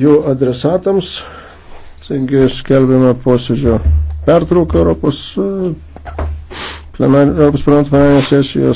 jų adresatams. Taigi skelbėme posėdžio pertrauką Europos, e, plenar, Europos parlamento plenarinės sesijos.